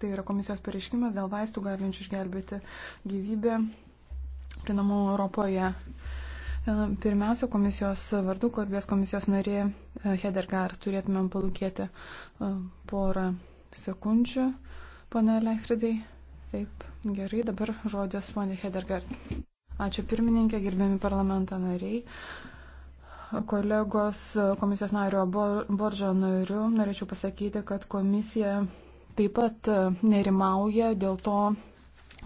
Tai yra komisijos pareiškimas dėl vaistų galinčių išgelbėti gyvybę prinamų Europoje. E, pirmiausia, komisijos vardu, kalbės komisijos narė e, Hedergar, turėtumėm palūkėti e, porą sekundžių, pana Leifridai. Taip, gerai, dabar žodis ponė Hedergar. Ačiū pirmininkė, gerbiami parlamento nariai kolegos komisijos nario Boržo nariu norėčiau pasakyti, kad komisija taip pat e, nerimauja dėl to,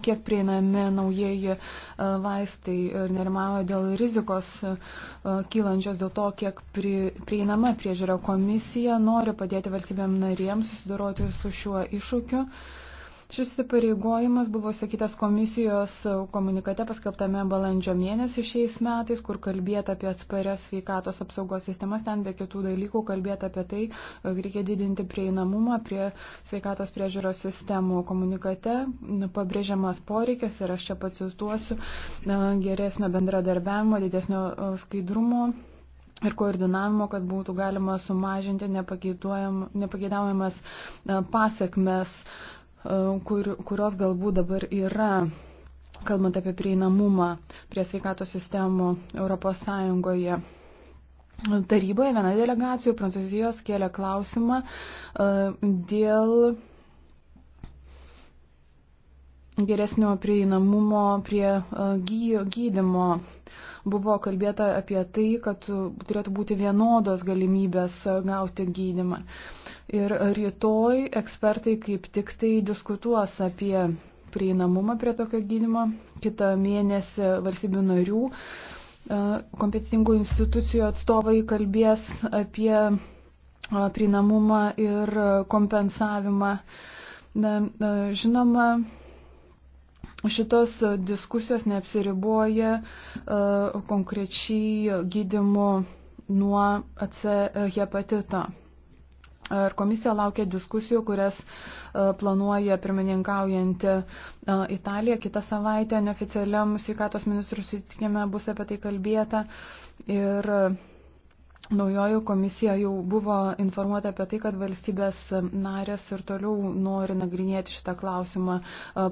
kiek prieinami naujieji e, vaistai ir nerimauja dėl rizikos e, kylančios, dėl to, kiek pri, prieinama priežiūra komisija nori padėti valstybėm narėms susidoroti su šiuo iššūkiu. Uh, Šis pareigojimas buvo sakytas komisijos komunikate paskelbtame balandžio mėnesį šiais metais, kur kalbėta apie atsparias sveikatos apsaugos sistemas, ten be kitų dalykų kalbėta apie tai, reikia didinti prieinamumą prie sveikatos priežiūros sistemų. Komunikate pabrėžiamas poreikis, ir aš čia pacituosiu, geresnio bendradarbiavimo, didesnio skaidrumo ir koordinavimo, kad būtų galima sumažinti nepageidaujamas pasiekmes E, kur, kurios galbūt dabar yra kalbant apie prieinamumą prie sveikatos sistemų ES. Taryboje viena delegacijų Prancūzijos kėlė klausimą e, dėl geresnio prieinamumo prie e, gydymo. Buvo kalbėta apie tai, kad turėtų būti vienodos galimybės gauti gydymą. Uh, Ir rytoj ekspertai kaip tik tai diskutuos apie prieinamumą prie tokio gydimo. Kita mėnesį valstybių narių e, kompetingų institucijų atstovai kalbės apie e, prieinamumą ir kompensavimą. Na, e, žinoma, šitos diskusijos neapsiriboja konkrečiai gydimu nuo AC hepatito. Ar komisija laukia diskusijų, kurias e, planuoja pirmininkaujanti e, Italija kitą savaitę, neoficialiam sveikatos ministrų sutikime bus apie tai kalbėta. Ir e, naujoji komisija jau buvo informuota apie tai, kad valstybės narės ir toliau nori nagrinėti šitą klausimą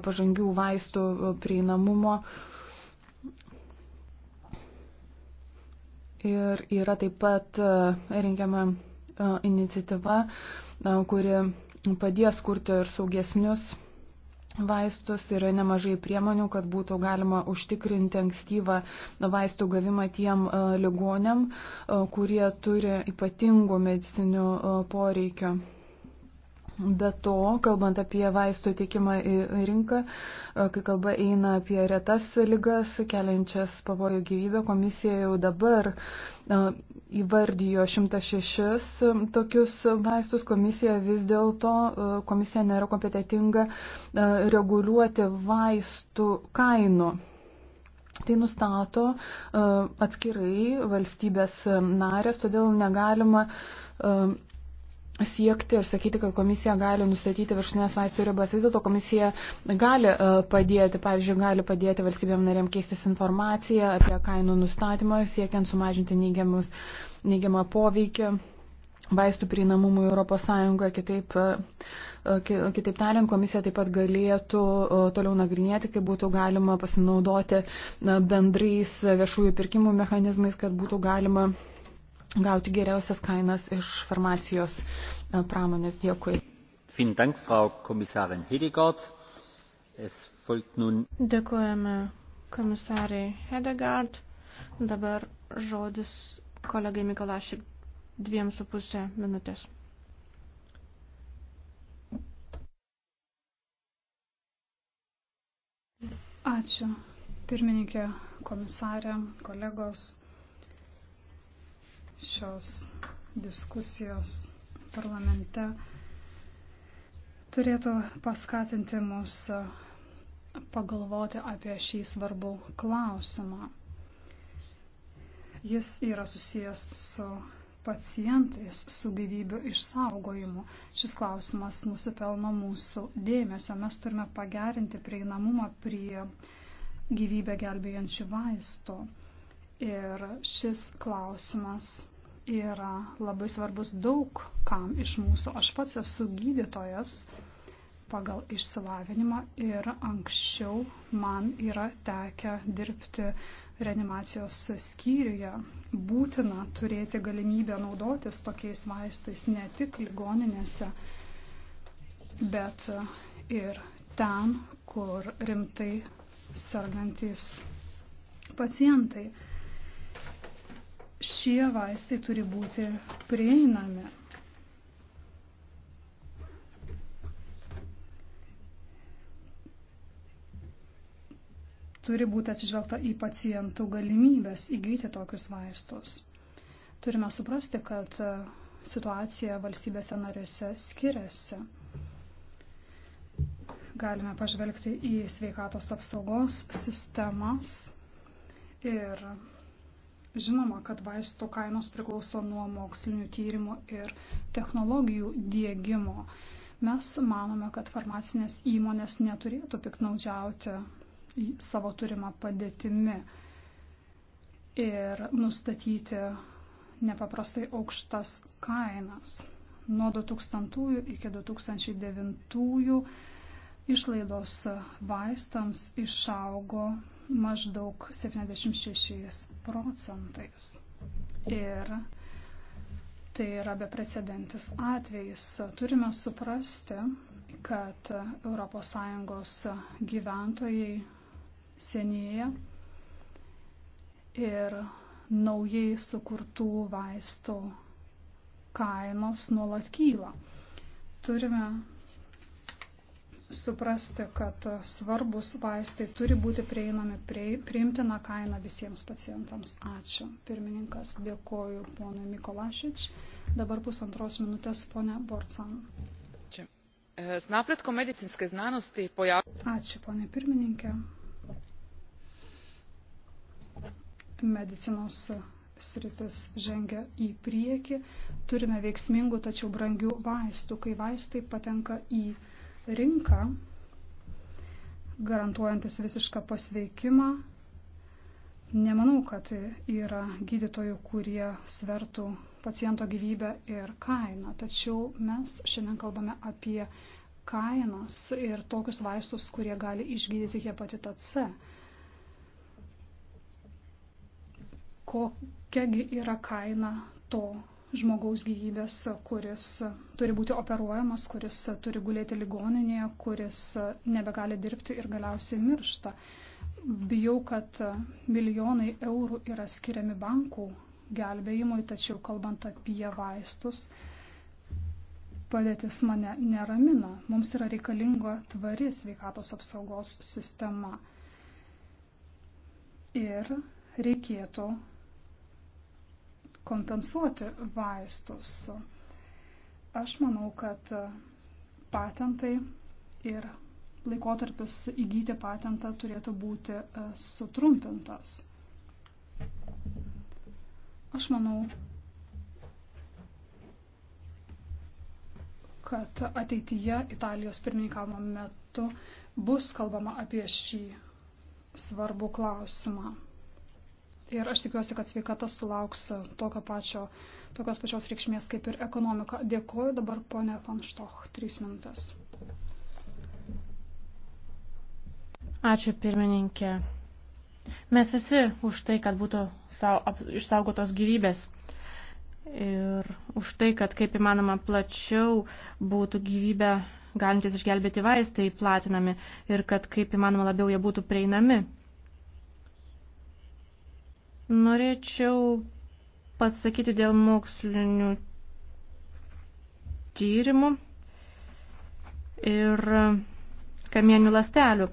pažangių vaistų prieinamumo. Ir yra taip pat rengiama iniciatyva, kuri padės kurti ir saugesnius vaistus, yra nemažai priemonių, kad būtų galima užtikrinti ankstyvą vaistų gavimą tiem ligonėm, kurie turi ypatingų medicinių poreikio. Be to, kalbant apie vaistų teikimą į rinką, e, kai kalba eina apie retas lygas, keliančias pavojų gyvybę, komisija jau dabar e, įvardijo 106 e, tokius vaistus. Komisija vis dėlto, komisija nėra kompetitinga reguliuoti vaistų kainų. Tai nustato atskirai valstybės narės, todėl negalima siekti ir sakyti, kad komisija gali nustatyti viršutinės vaistų ribas. Vis dėlto komisija gali e, padėti, pavyzdžiui, gali padėti valstybėm narėm keistis informaciją apie kainų nustatymą, siekiant sumažinti neigiamus, neigiamą poveikį vaistų prieinamumui Europos Sąjungoje. Kitaip, e, e, kitaip tariant, komisija taip pat galėtų toliau nagrinėti, kaip būtų galima pasinaudoti bendrais viešųjų pirkimų mechanizmais, kad būtų galima gauti geriausias kainas iš farmacijos e, pramonės. Dėkui. Dėkojame komisariai Hedegard. Dabar žodis kolegai Mikolašik dviem su pusė minutės. Ačiū. Pirmininkė, komisarė, kolegos šios diskusijos parlamente turėtų paskatinti mus pagalvoti apie šį svarbų klausimą. Jis yra susijęs su pacientais, su gyvybių išsaugojimu. Šis klausimas nusipelno mūsų dėmesio. Mes turime pagerinti prieinamumą prie gyvybę gelbėjančių vaistų. Ir šis klausimas yra labai svarbus daug kam iš mūsų. Aš pats esu gydytojas pagal išsilavinimą ir anksčiau man yra tekę dirbti reanimacijos skyriuje. Būtina turėti galimybę naudotis tokiais vaistais ne tik ligoninėse, bet ir ten, kur rimtai sergantys pacientai šie vaistai turi būti prieinami. Turi būti atsižvelgta į pacientų galimybės įgyti tokius vaistus. Turime suprasti, kad e, situacija valstybėse narėse skiriasi. Galime pažvelgti į sveikatos apsaugos sistemas ir Žinoma, kad vaistų kainos priklauso nuo mokslinių tyrimų ir technologijų dėgymo. Mes manome, kad farmacinės įmonės neturėtų piknaudžiauti savo turimą padėtimi ir nustatyti nepaprastai aukštas kainas. Nuo 2000 iki 2009 Išlaidos vaistams išaugo maždaug 76 procentais. Ir tai yra beprecedentis atvejis. Turime suprasti, kad ES gyventojai senėja ir naujai sukurtų vaistų kainos nuolat kyla. Turime suprasti, kad svarbus vaistai turi būti prieinami prie, priimtina kaina visiems pacientams. Ačiū. Pirmininkas, dėkoju ponui Mikolašič. Dabar pusantros minutės ponė Borcan. Ačiū. S e, napretkom medicinske znanosti pojav... Ačiū, ponė pirmininkė. Medicinos sritis žengia į priekį. Turime veiksmingų, tačiau brangių vaistų, kai vaistai patenka į rinką, garantuojantis visišką pasveikimą. Nemanau, kad yra gydytojų, kurie svertų paciento gyvybę ir kainą, tačiau mes šiandien kalbame apie kainas ir tokius vaistus, kurie gali išgydyti hepatitą C. Kokiagi yra kaina to žmogaus gyvybės, kuris turi būti operuojamas, kuris turi gulėti ligoninėje, kuris nebegali dirbti ir galiausiai miršta. Bijau, kad milijonai eurų yra skiriami bankų gelbėjimui, tačiau kalbant apie vaistus, padėtis mane neramina. Mums yra reikalinga tvari sveikatos apsaugos sistema. Ir reikėtų kompensuoti vaistus. Aš manau, kad patentai ir laikotarpis įgyti patentą turėtų būti e, sutrumpintas. Aš manau, kad ateityje Italijos pirmininkavimo metu bus kalbama apie šį svarbų klausimą. Ir aš tikiuosi, kad sveikata sulauks tokio pačio, tokios pačios reikšmės kaip ir ekonomika. Dėkuoju dabar ponė Fanštoch, trys minutės. Ačiū pirmininkė. Mes visi už tai, kad būtų išsaugotos gyvybės ir už tai, kad kaip įmanoma plačiau būtų gyvybę galintis išgelbėti vaistai platinami ir kad kaip įmanoma labiau jie būtų prieinami. Norėčiau pasakyti dėl mokslinių tyrimų ir kamienių lastelių.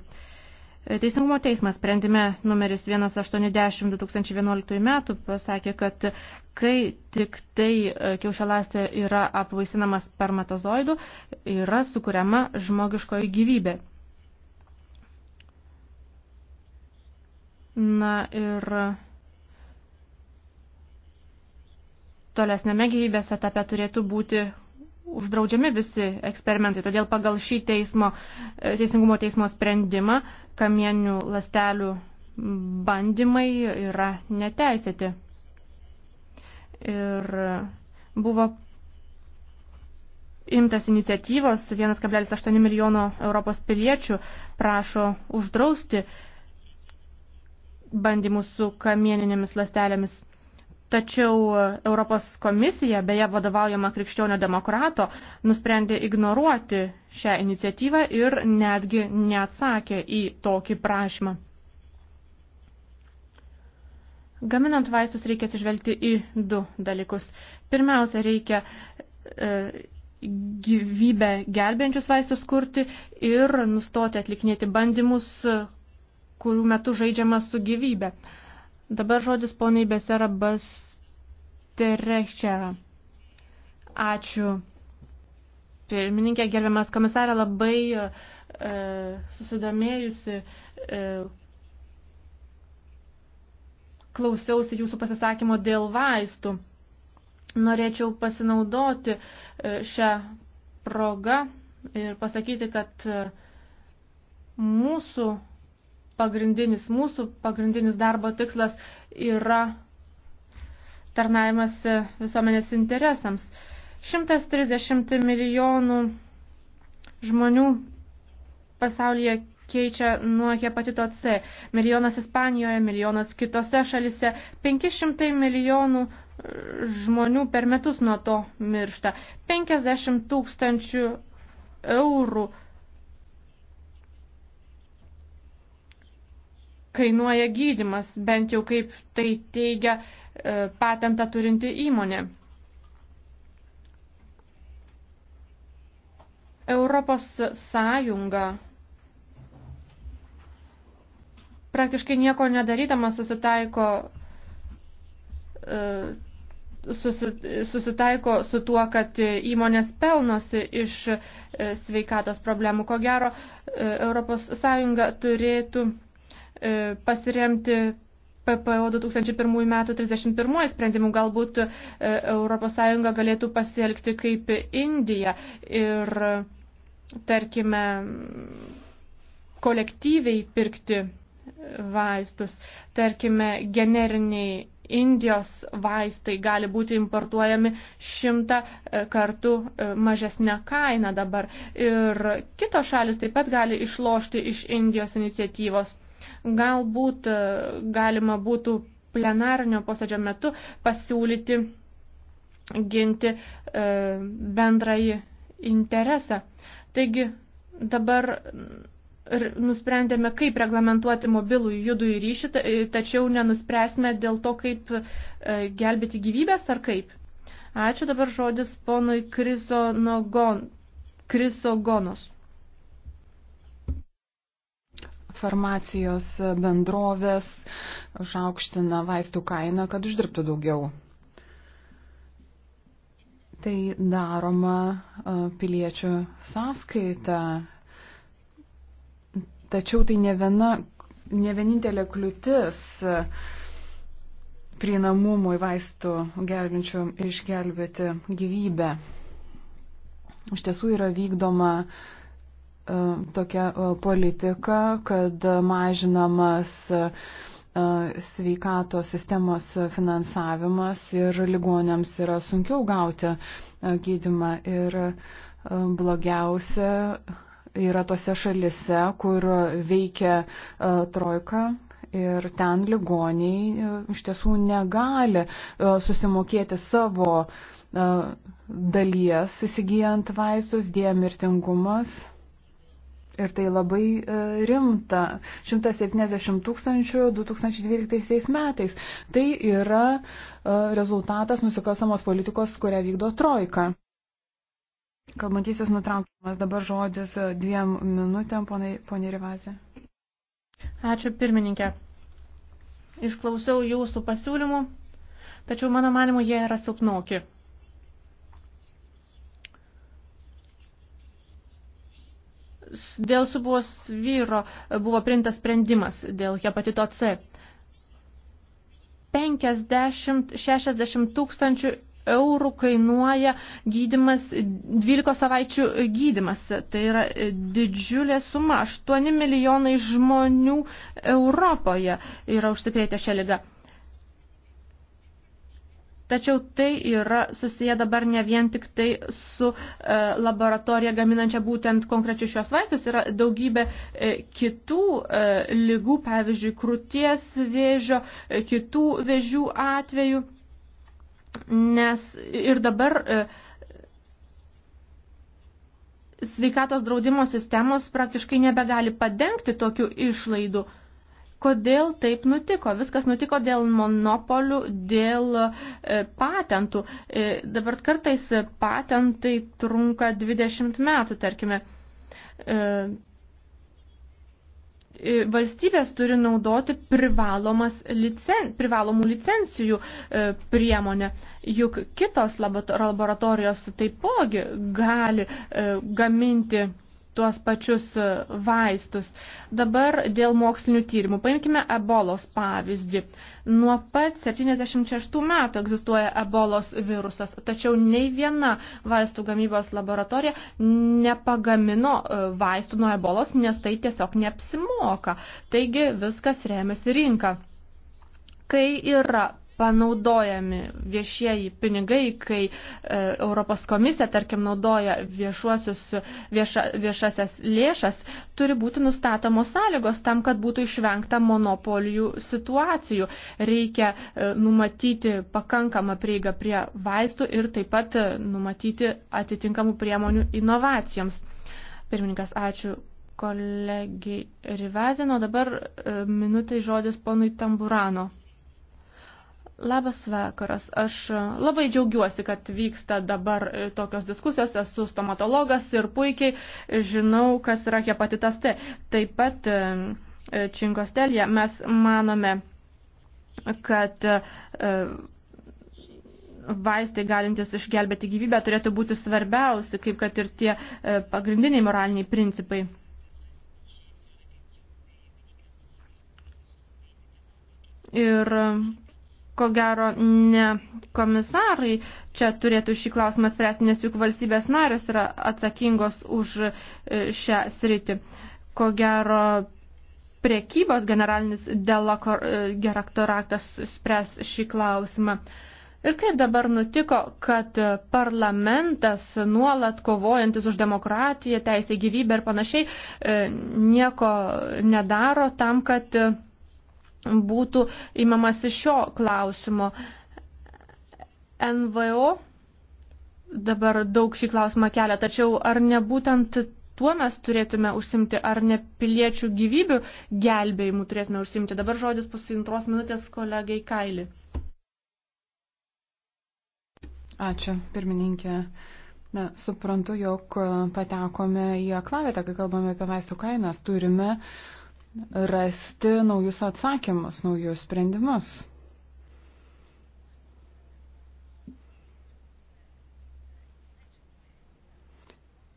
Teisingumo teismas sprendime numeris 180-2011 metų pasakė, kad kai tik tai e, kiaušialastė yra apvaisinamas spermatozoidų, yra sukuriama žmogiškoji gyvybė. Na ir tolesnėme gyvybės etape turėtų būti uždraudžiami visi eksperimentai. Todėl pagal šį teismo, e, teisingumo teismo sprendimą kamieninių lastelių bandymai yra neteisėti. Ir buvo imtas iniciatyvos, 1,8 milijono Europos piliečių prašo uždrausti bandymus su kamieninėmis lastelėmis Tačiau Europos komisija, beje vadovaujama krikščionio demokrato, nusprendė ignoruoti šią iniciatyvą ir netgi neatsakė į tokį prašymą. Gaminant vaistus reikia atsižvelgti į du dalykus. Pirmiausia, reikia e, gyvybę gelbėjančius vaistus kurti ir nustoti atlikinėti bandymus, kurių metu žaidžiama su gyvybė. E, Dabar žodis poniai Besera Basterechera. Ačiū. Pirmininkė, gerbiamas komisarė, labai e, susidomėjusi e, klausiausi jūsų pasisakymo dėl vaistų. Norėčiau pasinaudoti e, šią progą ir pasakyti, kad e, mūsų pagrindinis mūsų, pagrindinis darbo tikslas yra tarnavimas visuomenės interesams. 130 milijonų žmonių pasaulyje keičia nuo hepatito C. Milijonas Ispanijoje, milijonas kitose šalise, 500 milijonų e, žmonių per metus nuo to miršta. 50 tūkstančių eurų kainuoja gydimas, bent jau kaip tai teigia e, patentą turinti įmonė. Europos sąjunga praktiškai nieko nedarydama susitaiko, e, susi, susitaiko su tuo, kad įmonės pelnosi iš e, sveikatos problemų. Ko gero, Europos sąjunga turėtų E, pasiremti PPO 2001 metų 31 sprendimų galbūt ES galėtų pasielgti kaip Indija ir tarkime kolektyviai pirkti vaistus. Tarkime, generiniai Indijos vaistai gali būti importuojami šimtą e, kartų e, mažesnę kainą dabar. Ir kitos šalis taip pat gali išlošti iš Indijos iniciatyvos. Galbūt e, galima būtų plenarinio posėdžio metu pasiūlyti ginti e, bendrąjį interesą. Taigi dabar nusprendėme, kaip reglamentuoti mobilų judų į ryšį, tačiau nenuspręsime dėl to, kaip e, gelbėti gyvybės ar kaip. Ačiū dabar žodis ponui Kriso Nogon, Kriso Gonos farmacijos bendrovės užaukština vaistų kainą, kad uždirbtų daugiau. Tai daroma piliečių sąskaita. Tačiau tai ne, viena, ne vienintelė kliūtis prieinamumui vaistų gelbinčių išgelbėti gyvybę. Iš tiesų yra vykdoma uh, E, tokia e, politika, kad mažinamas e, sveikatos sistemos finansavimas ir ligonėms yra sunkiau gauti gydimą. Ir blogiausia yra tose šalise, kur veikia trojka ir ten ligoniai iš tiesų negali susimokėti savo dalies įsigijant vaistus, dėmirtingumas Ir tai labai e, rimta. 170 tūkstančių 2012 metais. Tai yra e, rezultatas nusikalstamos politikos, kurią vykdo Trojka. Kalbantysis nutraukimas dabar žodis e, dviem minutėm, ponė Rivazė. Ačiū pirmininkė. Išklausiau jūsų pasiūlymų, tačiau mano manimu jie yra silpnoki. dėl subos vyro buvo priimtas sprendimas dėl hepatito C. 50-60 tūkstančių eurų kainuoja gydimas, 12 savaičių gydimas. Tai yra e, didžiulė suma. 8 milijonai žmonių Europoje yra užsikrėtę šią ligą. Tačiau tai yra susiję dabar ne vien tik tai su e, laboratorija gaminančia būtent konkrečius šios vaistus, yra daugybė e, kitų e, lygų, pavyzdžiui, krūties vėžio, e, kitų vėžių atvejų. Nes ir dabar e, sveikatos draudimo sistemos praktiškai nebegali padengti tokių išlaidų. E, kodėl taip nutiko. Viskas nutiko dėl monopolių, dėl e, patentų. E, dabar kartais patentai trunka 20 metų, tarkime. E, valstybės turi naudoti licen, privalomų licencijų priemonę, juk kitos laboratorijos taipogi gali gaminti tuos pačius e, vaistus. Dabar dėl mokslinių tyrimų. Paimkime ebolos pavyzdį. Nuo pat 76 metų egzistuoja ebolos virusas, tačiau nei viena vaistų gamybos laboratorija nepagamino e, vaistų nuo ebolos, nes tai tiesiog neapsimoka. Taigi viskas remiasi rinka. Kai yra panaudojami viešieji pinigai, kai e, Europos komisija, tarkim, naudoja viešuosius, vieša, viešasias lėšas, turi būti nustatomos sąlygos tam, kad būtų išvengta monopolijų situacijų. Reikia e, numatyti pakankamą prieigą prie vaistų ir taip pat e, numatyti atitinkamų priemonių inovacijoms. Pirmininkas, ačiū kolegi Rivazinio, dabar e, minutai žodis ponui Tamburano. Labas vakaras. Aš e, labai džiaugiuosi, kad vyksta dabar e, tokios diskusijos. Esu stomatologas ir puikiai žinau, kas yra hepatitas T. Taip pat Činkostelėje e, mes manome, kad vaistai galintys išgelbėti gyvybę turėtų būti svarbiausi, kaip kad ir tie pagrindiniai moraliniai principai. Ir ko gero ne komisarai čia turėtų šį klausimą spręsti, nes juk valstybės narės yra atsakingos už e, šią sritį. Ko gero priekybos generalinis e, geraktoratas spręs šį klausimą. Ir kaip dabar nutiko, kad parlamentas nuolat kovojantis už demokratiją, teisę gyvybę ir panašiai e, nieko nedaro tam, kad būtų įmamasi šio klausimo. NVO dabar daug šį klausimą kelia, tačiau ar nebūtent tuo mes turėtume užsimti, ar ne piliečių gyvybių gelbėjimu turėtume užsimti. Dabar žodis pusintros minutės kolegai Kaili. Ačiū, pirmininkė. Na, suprantu, jog patekome į aklavietę, kai kalbame apie vaistų kainas. Turime uh, rasti naujus atsakymus, naujus sprendimus.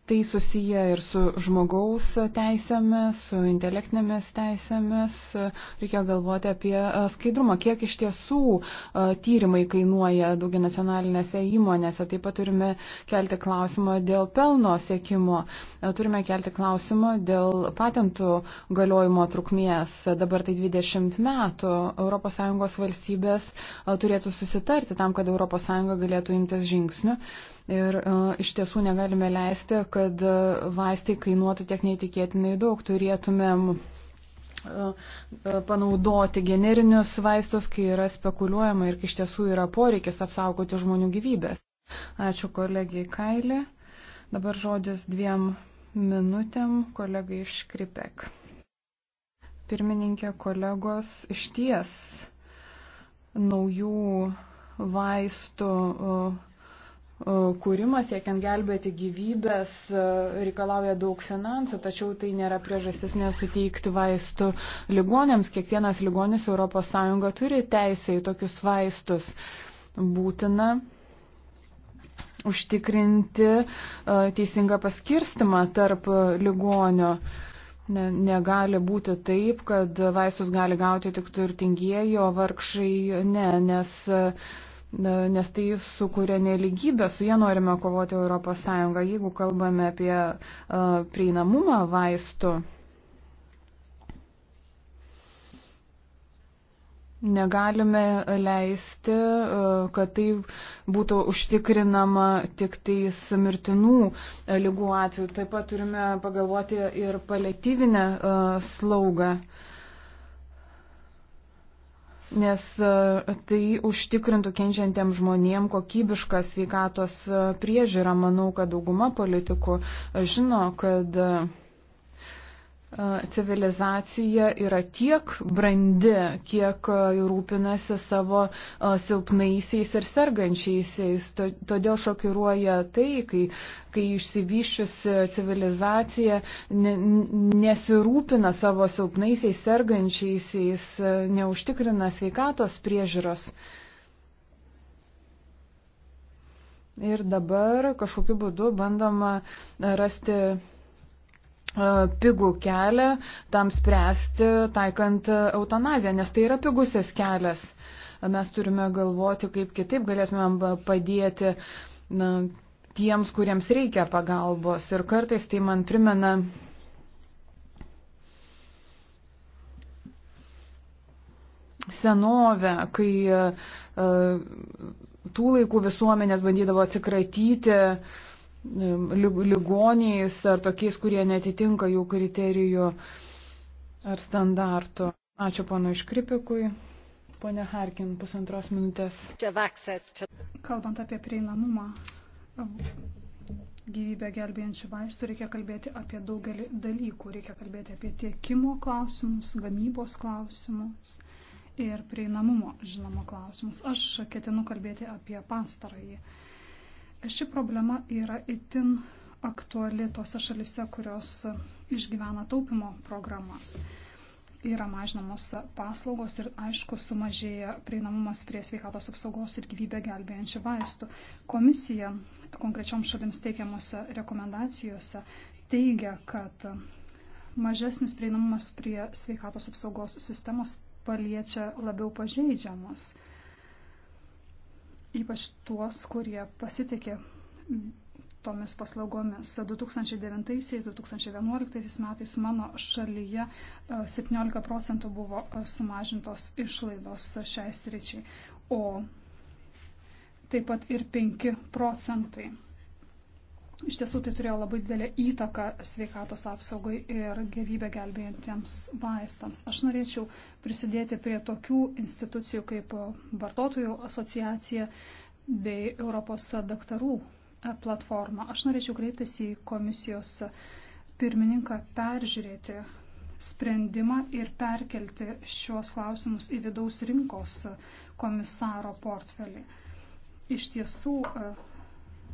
tai susiję ir su žmogaus teisėmis, su intelektinėmis teisėmis. Reikia galvoti apie e, skaidrumą, kiek iš tiesų e, tyrimai kainuoja daugia nacionalinėse įmonėse. Taip pat turime kelti klausimą dėl pelno siekimo, e, turime kelti klausimą dėl patentų galiojimo trukmės. Dabar tai 20 metų ES valstybės turėtų susitarti tam, kad ES galėtų imtis žingsnių Ir e, iš tiesų negalime leisti, kad e, vaistai kainuotų tiek neįtikėtinai daug. Turėtumėm e, panaudoti generinius vaistus, kai yra spekuliuojama ir kai iš tiesų yra poreikis apsaugoti žmonių gyvybės. Ačiū kolegijai Kailė. Dabar žodis dviem minutėm kolegai iš Kripek. Pirmininkė kolegos iš ties naujų vaistų E, kūrimas, siekiant gelbėti gyvybės, e, reikalauja daug finansų, tačiau tai nėra priežastis nesuteikti vaistų ligonėms. Kiekvienas ligonis ES turi teisę į tokius vaistus. Būtina užtikrinti e, teisingą paskirstimą tarp ligonio. Ne, negali būti taip, kad vaistus gali gauti tik turtingieji, o vargšai ne, nes uh, nes tai sukuria neligybę, su jie norime kovoti ES. Jeigu kalbame apie prieinamumą vaistų, Negalime leisti, kad tai būtų užtikrinama tik tais mirtinų lygų atveju. Taip pat turime pagalvoti ir paliatyvinę slaugą nes e, tai užtikrintų kenčiantiem žmonėm kokybišką sveikatos e, priežiūrą. Manau, kad dauguma politikų e, žino, kad civilizacija yra tiek brandi, kiek rūpinasi savo silpnaisiais ir sergančiaisiais. Todėl šokiruoja tai, kai, kai išsivyščiusi civilizacija nesirūpina savo silpnaisiais, sergančiaisiais, neužtikrina sveikatos priežiūros. Ir dabar kažkokiu būdu bandoma rasti E, pigų kelią tam spręsti, taikant eutanaziją, nes tai yra pigusis kelias. Mes turime galvoti, kaip kitaip galėtumėm padėti na, tiems, kuriems reikia pagalbos. Ir kartais tai man primena senovę, kai uh, tų laikų visuomenės bandydavo atsikratyti uh, ligoniais ar tokiais, kurie netitinka jų kriterijų ar standartų. Ačiū ponui Škripikui. Pone Harkin, pusantros minutės. Kalbant apie prieinamumą e, gyvybę gelbėjančių vaistų, reikia kalbėti apie daugelį dalykų. Reikia kalbėti apie tiekimo klausimus, gamybos klausimus ir prieinamumo, žinoma, klausimus. Aš ketinu kalbėti apie pastarąjį. Ši problema yra itin aktuali tose šalise, kurios išgyvena taupimo programas. Yra mažinamos paslaugos ir aišku sumažėja prieinamumas prie sveikatos apsaugos ir gyvybę gelbėjančių vaistų. Komisija konkrečiom šalims teikiamuose rekomendacijose teigia, kad mažesnis prieinamumas prie sveikatos apsaugos sistemos paliečia labiau pažeidžiamus ypač tuos, kurie pasitikė tomis paslaugomis. 2009-2011 metais mano šalyje 17 e, procentų buvo e, sumažintos išlaidos šiai sričiai, o taip pat ir 5 procentai Iš tiesų tai turėjo labai didelę įtaką sveikatos apsaugai ir gyvybę gelbėjantiems vaistams. Aš norėčiau prisidėti prie tokių institucijų kaip vartotojų asociacija bei Europos daktarų platforma. Aš norėčiau kreiptis į komisijos pirmininką peržiūrėti sprendimą ir perkelti šios klausimus į vidaus rinkos komisaro portfelį. Iš tiesų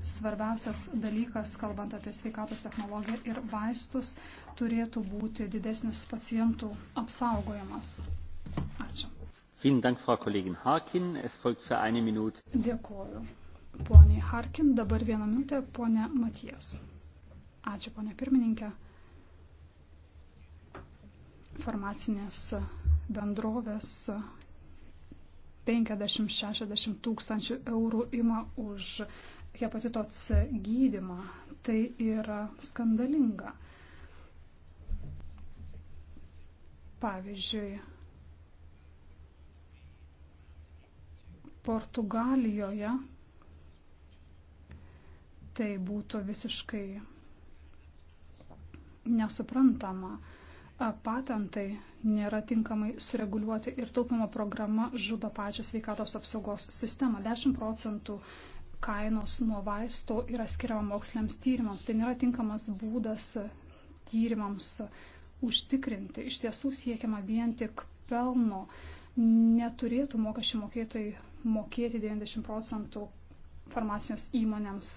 svarbiausias dalykas, kalbant apie sveikatos technologiją ir vaistus, turėtų būti didesnis pacientų apsaugojimas. Ačiū. Dėkuoju. Pone Harkin, dabar vieną minutę, pone Matijas. Ačiū, pone pirmininkė. Farmacinės bendrovės 50-60 tūkstančių eurų ima už hepatito C gydimą. Tai yra skandalinga. Pavyzdžiui, Portugalijoje tai būtų visiškai nesuprantama. Patentai nėra tinkamai sureguliuoti ir taupimo programa žudo pačią sveikatos apsaugos sistemą. 10 procentų kainos nuo vaisto yra skiriama moksliniams tyrimams. Tai nėra tinkamas būdas tyrimams užtikrinti. Iš tiesų siekiama vien tik pelno. Neturėtų mokesčių mokėtojai mokėti 90 procentų farmacijos įmonėms.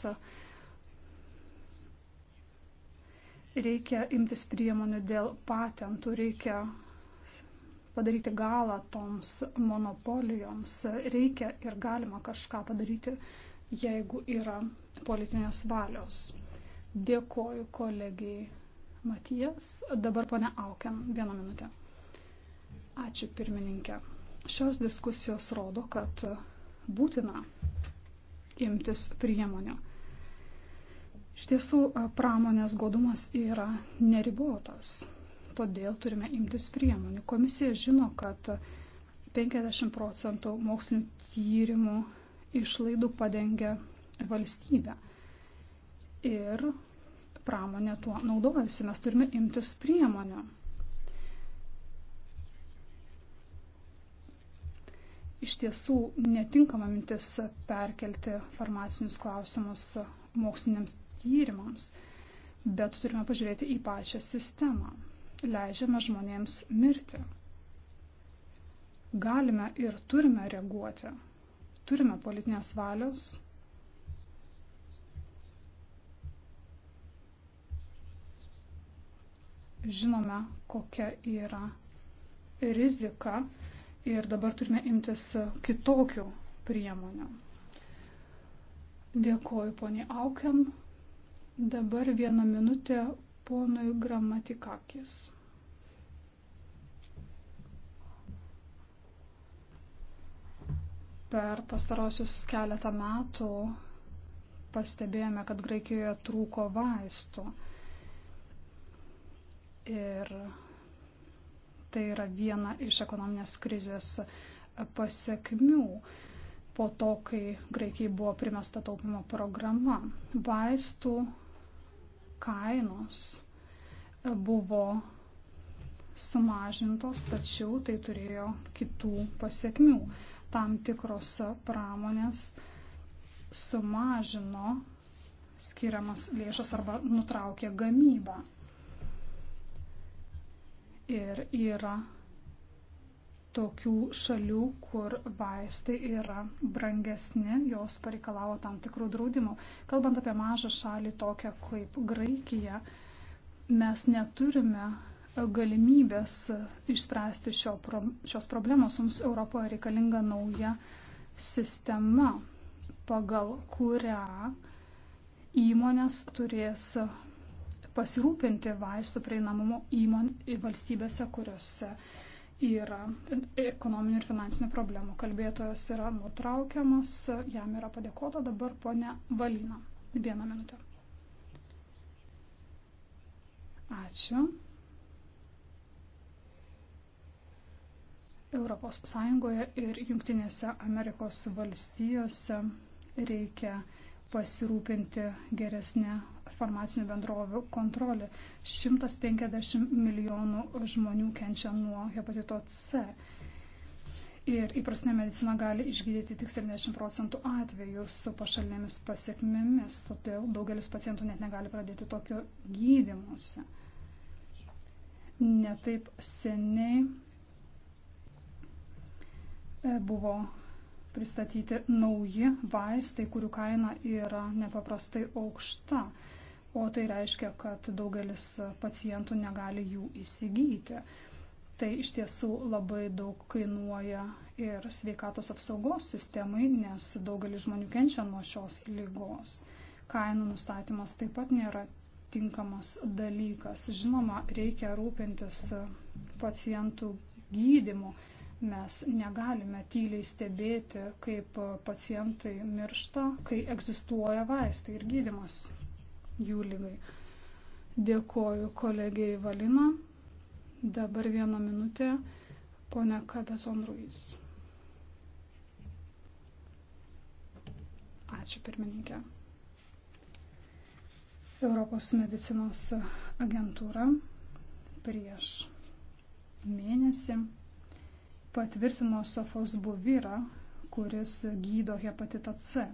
Reikia imtis priemonių dėl patentų, reikia padaryti galą toms monopolijoms, reikia ir galima kažką padaryti jeigu yra politinės valios. Dėkoju kolegijai Matijas. Dabar ponia Aukiam, vieną minutę. Ačiū pirmininkė. Šios diskusijos rodo, kad būtina imtis priemonių. Iš tiesų, pramonės godumas yra neribotas, todėl turime imtis priemonių. Komisija žino, kad 50 procentų mokslinių tyrimų išlaidų padengia valstybė. Ir pramonė tuo naudojasi, mes turime imtis priemonių. Iš tiesų netinkama mintis perkelti farmacinius klausimus moksliniams tyrimams, bet turime pažiūrėti į pačią sistemą. Leidžiame žmonėms mirti. Galime ir turime reaguoti turime politinės valios. Žinome, kokia yra rizika ir dabar turime imtis kitokių priemonių. Dėkoju poniai Aukiam. Dabar vieną minutę ponui Gramatikakis. Per pastarosius keletą metų pastebėjome, kad Graikijoje trūko vaistų. Ir tai yra viena iš ekonominės krizės pasiekmių po to, kai Graikijai buvo primesta taupimo programa. Vaistų kainos buvo sumažintos, tačiau tai turėjo kitų pasiekmių tam tikros pramonės sumažino skiriamas lėšas arba nutraukė gamybą. Ir yra tokių šalių, kur vaistai yra brangesni, jos pareikalavo tam tikrų draudimų. Kalbant apie mažą šalį tokią kaip Graikija, mes neturime galimybės išspręsti šio, šios problemos. Mums Europoje reikalinga nauja sistema, pagal kurią įmonės turės pasirūpinti vaistų prieinamumu įmon, valstybėse, kuriuose yra ekonominių ir finansinių problemų. Kalbėtojas yra nutraukiamas, jam yra padėkota dabar ponia Valina. Vieną minutę. Ačiū. Europos Sąjungoje ir Junktinėse Amerikos valstijose reikia pasirūpinti geresnę farmacinių bendrovių kontrolę. 150 milijonų žmonių kenčia nuo hepatito C. Ir įprastinė medicina gali išgydyti tik 70 procentų atvejų su pašalinėmis pasiekmėmis, todėl daugelis pacientų net negali pradėti tokio gydimuose. Netaip seniai E, buvo pristatyti nauji vaistai, kurių kaina yra nepaprastai aukšta, o tai reiškia, kad daugelis pacientų negali jų įsigyti. Tai iš tiesų labai daug kainuoja ir sveikatos apsaugos sistemai, nes daugelis žmonių kenčia nuo šios lygos. Kainų nustatymas taip pat nėra tinkamas dalykas. Žinoma, reikia rūpintis pacientų gydimu, Mes negalime tyliai stebėti, kaip pacientai miršta, kai egzistuoja vaistai ir gydimas jų lygai. Dėkoju kolegijai Valina. Dabar vieną minutę, ponia Kabeson Ruiz. Ačiū pirmininkė. Europos medicinos agentūra prieš mėnesį patvirtino sofosbuvyrą, kuris gydo hepatitą C.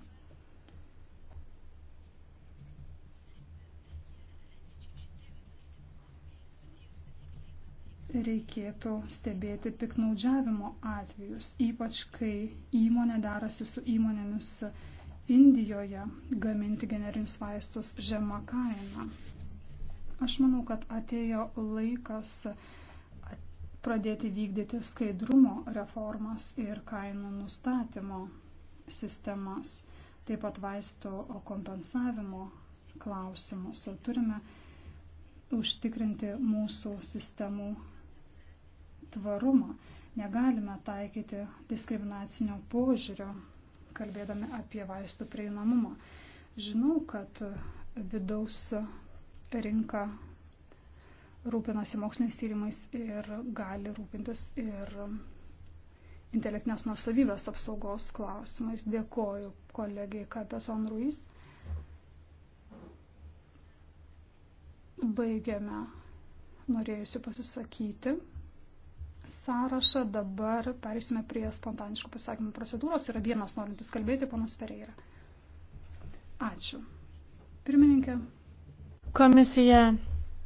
reikėtų stebėti piknaudžiavimo atvejus, ypač kai įmonė darasi su įmonėmis Indijoje gaminti generinius vaistus žema kaina. Aš manau, kad atėjo laikas uh, pradėti vykdyti skaidrumo reformas ir kainų nustatymo sistemas, taip pat vaistų kompensavimo klausimus. Turime užtikrinti mūsų sistemų tvarumą. Negalime taikyti diskriminacinio požiūrio, kalbėdami apie vaistų prieinamumą. Žinau, kad vidaus rinka rūpinasi moksliniais tyrimais ir gali rūpintis ir intelektinės nusavybės apsaugos klausimais. Dėkoju kolegijai Kapeson Ruiz. Baigiame norėjusiu pasisakyti sąrašą. Dabar perėsime prie spontaniškų pasakymų procedūros. Yra vienas norintis kalbėti, panas Pereira. Ačiū. Pirmininkė. Komisija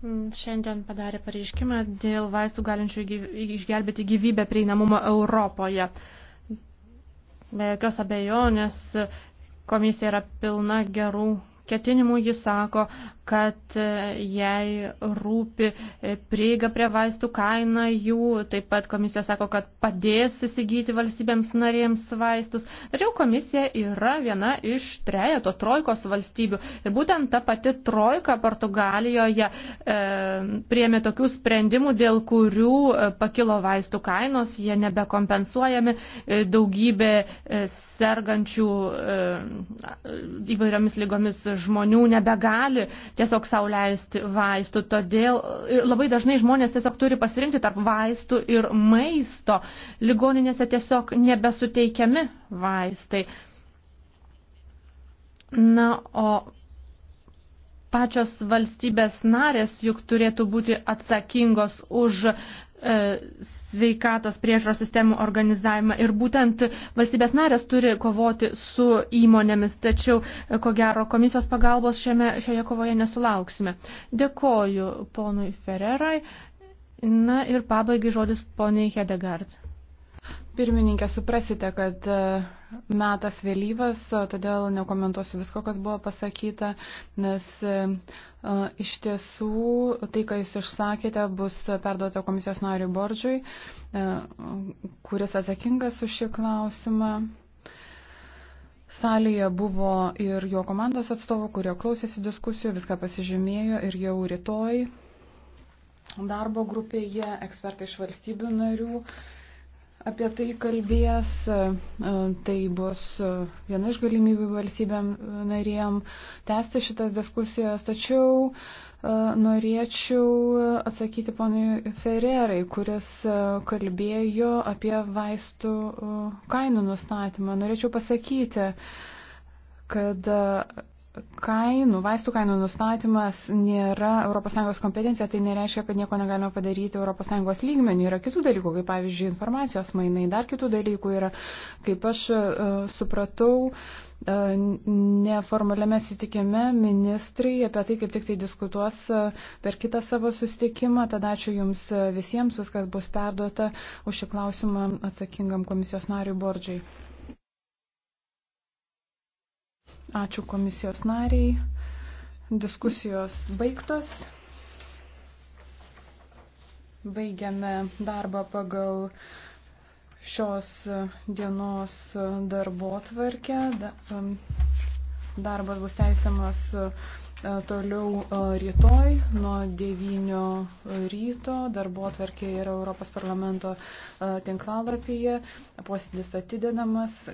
Mm, šiandien padarė pareiškimą dėl vaistų galinčių išgelbėti gyvybę prieinamumą Europoje. Be jokios abejonės komisija yra pilna gerų ketinimų, jis sako, kad e, jai rūpi e, prieiga prie vaistų kaina jų, taip pat komisija sako, kad padės įsigyti valstybėms narėms vaistus. Tačiau komisija yra viena iš trejato trojkos valstybių ir būtent ta pati trojka Portugalijoje e, priemė tokių sprendimų, dėl kurių e, pakilo vaistų kainos, jie nebekompensuojami, e, daugybė e, sergančių e, įvairiomis lygomis žmonių nebegali tiesiog sauliaisti vaistų. Todėl labai dažnai žmonės tiesiog turi pasirinkti tarp vaistų ir maisto. Ligoninėse tiesiog nebesuteikiami vaistai. Na, o pačios valstybės narės juk turėtų būti atsakingos už e, sveikatos priežaros sistemų organizavimą ir būtent valstybės narės turi kovoti su įmonėmis, tačiau e, ko gero komisijos pagalbos šiame, šioje kovoje nesulauksime. Dėkoju ponui Ferrerai. Na ir pabaigai žodis poniai Hedegard. Pirmininkė, suprasite, kad e, metas vėlyvas, todėl nekomentuosiu visko, kas buvo pasakyta, nes e, e, iš tiesų tai, ką jūs išsakėte, bus perduota komisijos nariui Bordžiui, kuris atsakingas už šį klausimą. Salėje buvo ir jo komandos atstovų, kurie klausėsi diskusijų, viską pasižymėjo ir jau rytoj darbo grupėje ekspertai iš valstybių narių apie tai kalbės, e, tai bus e, viena iš galimybių valstybėm e, narėm tęsti šitas diskusijas, tačiau norėčiau atsakyti ponui Ferrerai, kuris kalbėjo apie vaistų kainų nustatymą. Norėčiau pasakyti, kad kainų, vaistų kainų nustatymas nėra ES kompetencija, tai nereiškia, kad nieko negalima padaryti ES lygmenių. Yra kitų dalykų, kaip pavyzdžiui informacijos mainai, dar kitų dalykų yra, kaip aš uh, supratau, uh, neformaliame sutikime ministrai apie tai kaip tik tai diskutuos uh, per kitą savo susitikimą. Tada ačiū Jums visiems, viskas tai, bus perduota už šį klausimą atsakingam komisijos nariui Bordžiai. Ačiū komisijos nariai. Diskusijos baigtos. Baigiame darbą pagal šios dienos darbo tvarkę. Darbas bus teisiamas e, toliau e, rytoj nuo 9 ryto. Darbo tvarkė yra Europos parlamento e, tinklalapyje. Posėdis atidedamas.